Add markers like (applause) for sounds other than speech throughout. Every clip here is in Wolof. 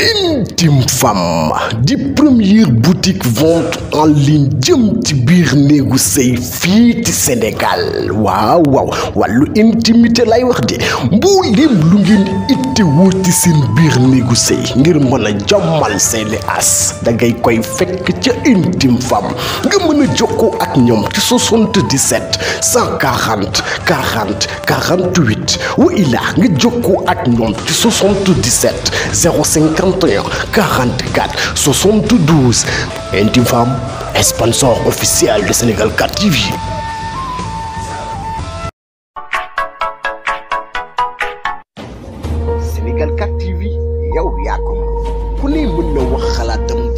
intime femme di première boutique vente en ligne jëm petit bir néegu Sénégal waaw waaw wàllu intimité lay wax de mboolem lu ngeen itte woti ci seen biir ngir as da ngay koy intime femme nga mën joko ak ñoom 77 140 40 48 Ou il nga jokkoo ak ñoom ci 77 050 44 72. Intime Femme, sponsor officiel de Sénégal 4 TV. Sénégal 4 TV, yow yakum. ko ku ne de na wax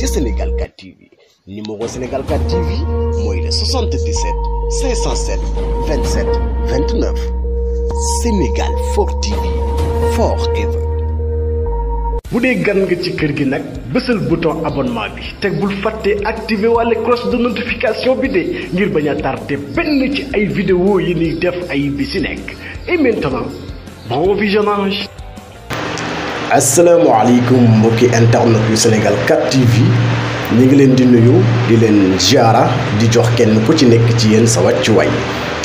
de Sénégal 4 TV numéro Sénégal 4 TV mooy 77 507 27 29 Sénégal 4 TV forever bu dee gan nga ci kër gi nak bésal bouton abonnement bi te bul fàtte activé walla cloche de notification bi dé ngir baña a tardé benn ci ay vidéo yi ni def ay bi nek et maintenant bon visionnage. asalaamaaleykum mbokki internet du Sénégal 4 TV ñu ngi leen di nuyu di leen ziara di jox kenn ku ci nek ci yeen sa waccu wàccuwaay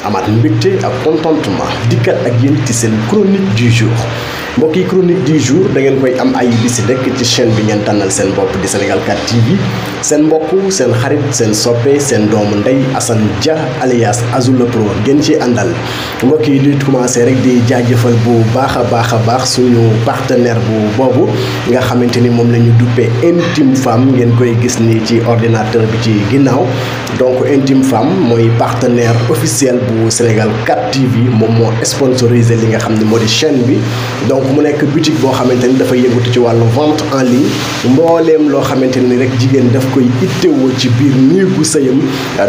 amaat mbégte ak contentement dikkat ak yeen ci sen chronique du jour. mbokk yi chronique du jour da ngeen koy am ay bisi rekk ci chaîne bi ngeen tànnal seen bopp di Sénégal 4 TV seen mbokk seen xarit seen soppe seen doomu ndey Assane Dia alias Azou le Pro ngeen ci àndal mbokk yi di commencé rek di jaajëfal bu baax a baax a baax suñu partenaire bu boobu nga xamante ni moom la ñu duppee Intime Femme ngeen koy gis ni ci ordinateur bi ci ginnaaw donc Intime Femme mooy partenaire officiel bu Sénégal 4 TV moom moo sponsorisé li nga xam ne moo di chaîne bi mu nekk boutique boo xamante ni dafay yëngatu ci wàllu vente en ligne mbooleem loo xamante ni rek jigéen daf koy ittewoo ci biir néegu sëyam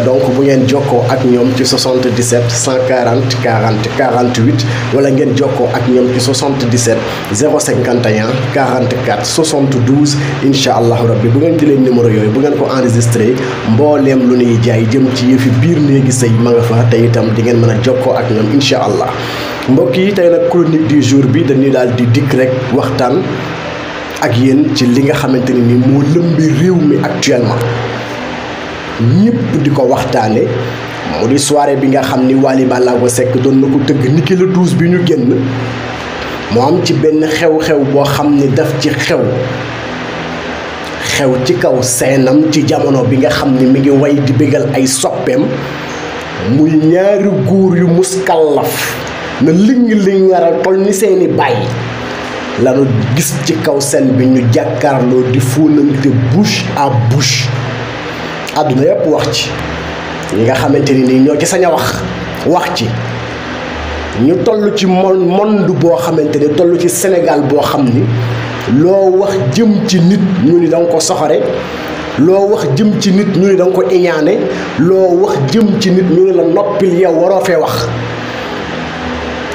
donc bu ngeen jokkoo ak ñoom ci 77 140 40 48 wala ngeen jokkoo ak ñoom ci 77 051 44 72 incha allahu rabbi bu ngeen jëlee numéro yooyu bu ngeen ko enregistré mbooleem lu nuy jaay jëm ci yëfi biir néegi sëy ma nga fa te itam di ngeen mën a jokkoo ak ñoom incha allah mbokk yi tey nag chronique di jour bi dañuy daal di dikk rek waxtaan ak yéen ci li nga xamante ne ni moo lëmbi réew mi actuellement ñëpp di ko waxtaane mu di soirée bi nga xam ni Wally Ballago sekk doon na ko tëgg ni kilo douze bi ñu génn moo am ci benn xew-xew boo xam ni def ci xew xew ci kaw seenam ci jamono bi nga xam ni mi ngi way di bégal ay soppeem muy ñaari góor yu muskallaf na ling ling ngaral tol ni seeni la lanu gis ci kaw sen bi ñu jàkkaarloo di fóonante bouche à bouche aduna yépp wax ci ñi nga xamanteni ni ñoo ci saña wax wax ci ñu tollu ci mon monde bo xamanteni ni ci sénégal bo xamni lo wax jëm ci nit ñu ni dang ko soxare lo wax jëm ci nit ñu ni dang ko iñané lo wax jëm ci nit ñu la noppil ya waro fe wax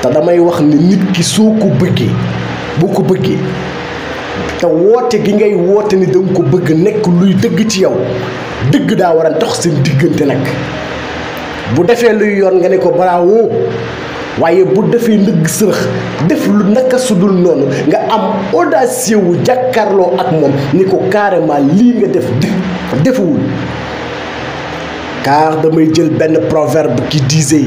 te damay wax ni nit ki soo ko bëggee boo ko bëggee te woote gi ngay woote ni danga ko bëgg nekk luy dëgg ci yow dëgg daa war a dox seen diggante nag bu defee luy yoon nga ne ko bravo waaye bu defee ndëgg sërëx def lu naka sudul noonu nga am audacieux wu jàkkaarloo ak moom ni ko carrément lii nga def defuwul car damay jël benn proverbe qui disait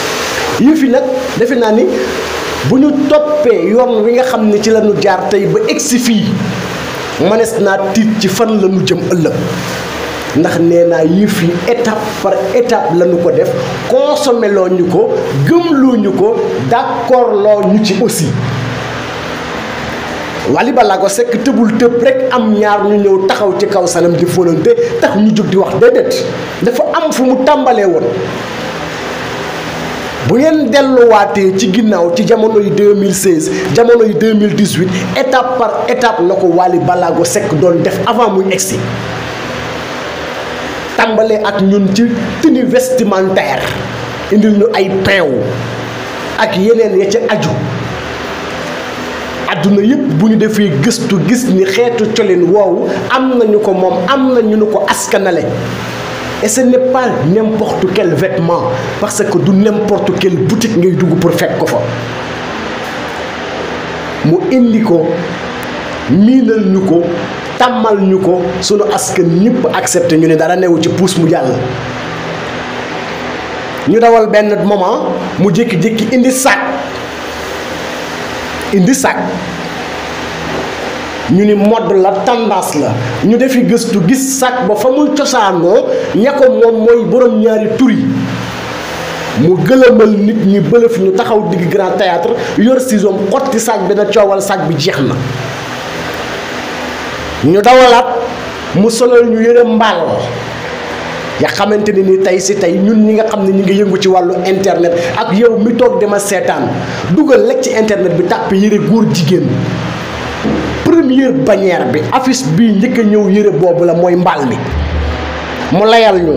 yëf yi nag defe naa ni bu ñu toppee yoon wi nga xam ne ci la jaar tey ba egsi fii mënees naa tiit ci fan la ñu jëm ëllëg ndax nee naa yëf yi étape par étape la ko def consommé loo ñu ko gëmloo ñu ko d'accord loo ñu ci aussi Wally ko sekk tëbul tëb rek am ñaar ñu ñëw taxaw ci kaw sanam di fóonante tax ñu jóg di wax déedéet dafa am fu mu tàmbalee woon bu ngeen delluwaatee ci ginnaaw ci jamono yi 2016 jamono yi 2018 étape par étape la ko Wally Ballago sekk doon def avant muy egsi tàmbalee ak ñun ci tenue vestimentaire ñu ay peew ak yeneen ya ca aju adduna yépp bu ñu defee gëstu gis ni xeetu colin woowu am nañu ko moom am na ñu ko askanale Et ce n'est pas n'importe quel vêtement, parce que du n'importe quelle boutique ngay pour faire ko fa mu indi ko miinal ñu ko nous ñu ko sunu askan ñu dara Nous ci mu ñu dawal moment mu sac ñu ni mode la tendance la ñu fi geustu gis sac ba fa muy cosaanoo ña ko moom borom ñaari turi mu gëlëmal nit ñi bëlëf ñu taxaw dig grand théâtre yor sisom xotti sac bi na coowal sac bi jeexna ñu dawalat mu solal ñu yëre mbal ya xamanteni ni tay ci tay ñun ñi nga xamni ñi nga yëngu ci walu internet ak yow mi tok dema sétane duggal lek ci internet bi tapé yéré goor jigen première bannière bi affiche bi ñëk ñëw yéré bobu la moy mbal mi mu layal ñu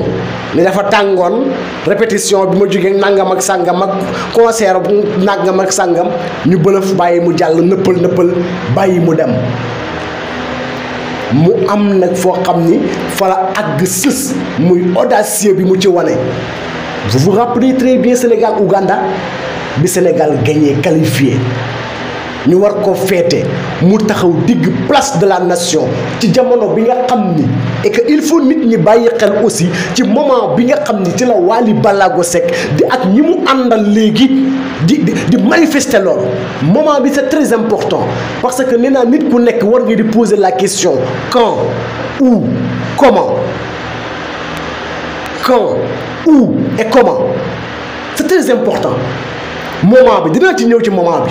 ni dafa tàngoon répétition bi ma jógee nangam ak sangam ak concert bu nangam ak sangam ñu bëlëf bayyi mu jall neppal neppal bayyi mu dem mu am nak fo xamni fa la muy audacieux bi mu ci vous vous rappelez très bien Sénégal Ouganda bi Sénégal gagné qualifié Nous war ko une mu place de la nation ci jamono bi nga et que il faut nit ñi xel aussi ci moment bi nga xamni ci la wali Balago sek. di ak mu di di manifester moment bi c'est très important parce que nena nit ku poser la question quand où comment quand où et comment c'est très important moment bi dina ci ñew ci moment bi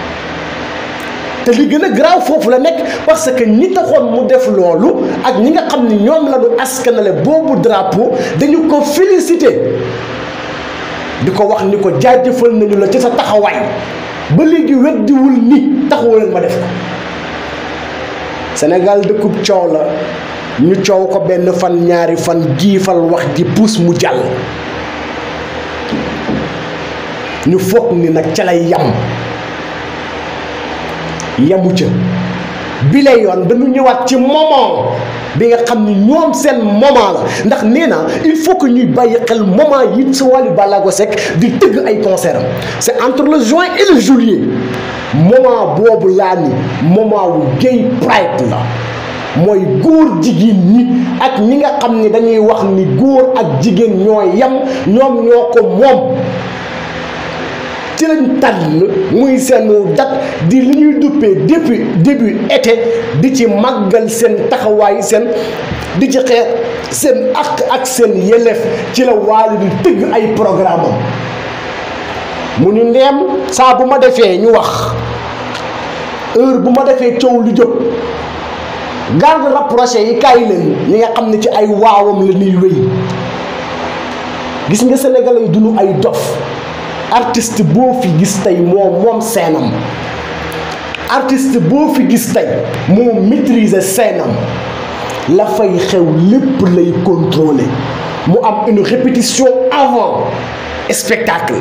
te li gën a garaaw foofu la nekk parce que ñi taxoon mu def loolu ak ñi nga xam ni ñoom la ñu askanale boobu drapo dañu ko félicité di ko wax ni ko jaajëfal nañu la ci sa taxawaay ba léegi weddiwul ni taxawaleen ma def ko Sénégal dëkkub coow la ñu coow ko benn fan ñaari fan giifal wax ji puus mu jàll ñu foog ni nag ca lay yam yamu ca bi lay dañu ñëwaat ci moment bi nga xamni ñoom seen moment la ndax néna il faut que ñuy bàyyi xel moment yi ci Wally Ballago Seck di tëgg ay concert c'est entre le juin et le juillet moment bobu la ni moment wu gay pride la moy goor jigéen ñi ak ñi nga xamni dañuy wax ni goor ak jigéen ñoy yam ñoom ñoko mom ci lañ tànn muy seenu dat di li ñuy duppee depuis début été di ci màggal seen taxawaay seen di ci xeex seen àq ak seen yelleef ci la waali di tëgg ay programme am mu ñu ndeem saa bu ma defee ñu wax heure bu ma defee coow lu jóg garde rapproché yi kaay leen ñi nga xam ne ci ay waawam la ñuy wéy gis nga sénégalais yi duñu ay dof artiste bo fi gis tay moom mom senam artiste bo fi gis tay moo maîtriser senam la fay xew lepp lay contrôler mu am une répétition avant spectacle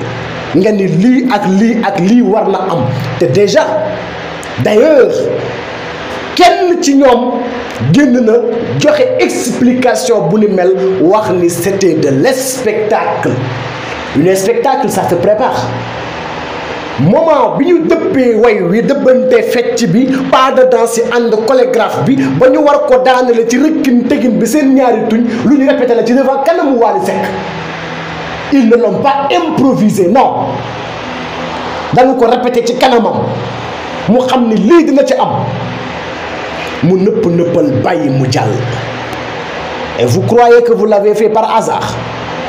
nga ni lii ak li ak li war am te déjà d'ailleurs kenn ci ñom genn na joxe explication bu ni mel wax ni c'était de l'spectacle le spectacle ça se prépare moment bi ñu dëppee way wi dëbbantee fecc bi pas de danse yi ànd chorégraphe bi ba ñu war ko daanale ci rëkkin tegin bi seen ñaari tuñ lu ñu la ci devant kanamu Wally sek ils ne l'ont pas improvisé non dañu ko répéter ci kanamam mu xamni li dina ci am mu nëpp neppal bayyi mu jàll et vous croyez que vous l'avez fait par hasard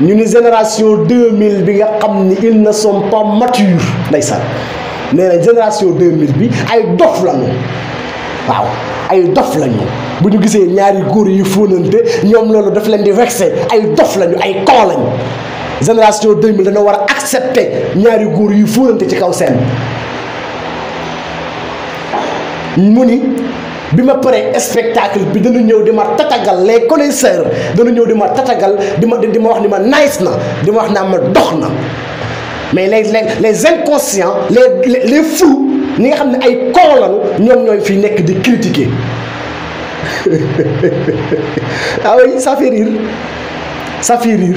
Nous, ni génération 2000 ils ne sont pas matures Mais la génération 2000 bi ay dof lañu waaw ay dof lañu buñu gisé ñaari góor yu fóonante ñom lolu daf leen di vexé ay dof lañu ay lañu génération 2000 dañu wara accepter ñaari yu ci kaw mu ni un spectacle bi di ma les connaisseurs connaisseur. ñëw di ma tatagal di wax ni ma nice mais les inconscients les les fous ñi nga sont ay con lañu critiquer (laughs) ah oui ça fait rire ça fait rire.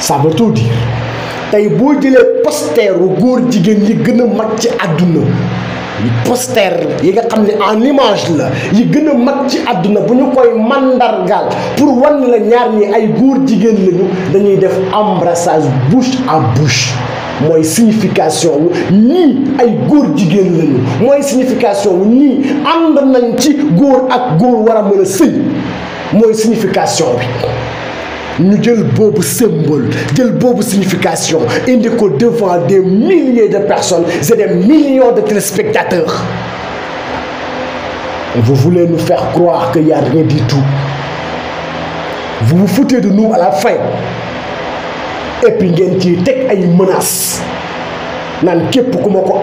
ça veut tout dire tey boo jëlee posteru góor jigéen yi gën a mag ci àdduna poster yi nga xam ne en image la yi gën a mag ci àdduna bu ñu koy mandargaal pour wan la ñaar ñi ay góor jigéen lañu dañuy def embrassage bouche à bouche mooy signification wu ñii ay góor jigéen lañu mooy signification wu ñii ànd nañ ci góor ak góor war a mën a sëy mooy signification bi nous le bon symbole le bon signification nous devant des milliers de personnes et des millions de téléspectateurs vous voulez nous faire croire qu'il n'y a rien du tout vous vous foutez de nous à la fin et puis vous avez une menace. menaces naan képp ku je pour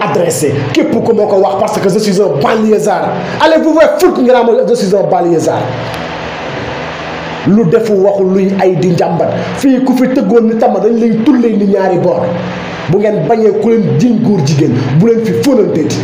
képp comment parce que je suis un balézard. allez vous voyez, foutre je suis un balézard. lu defu waxu luñ ay di njàmbat fii ku fi tëggoon ni tama dañ lay tullee ni ñaari boor bu ngeen bañee ku leen jiñ góor jigéen bu leen fi fóonanteeti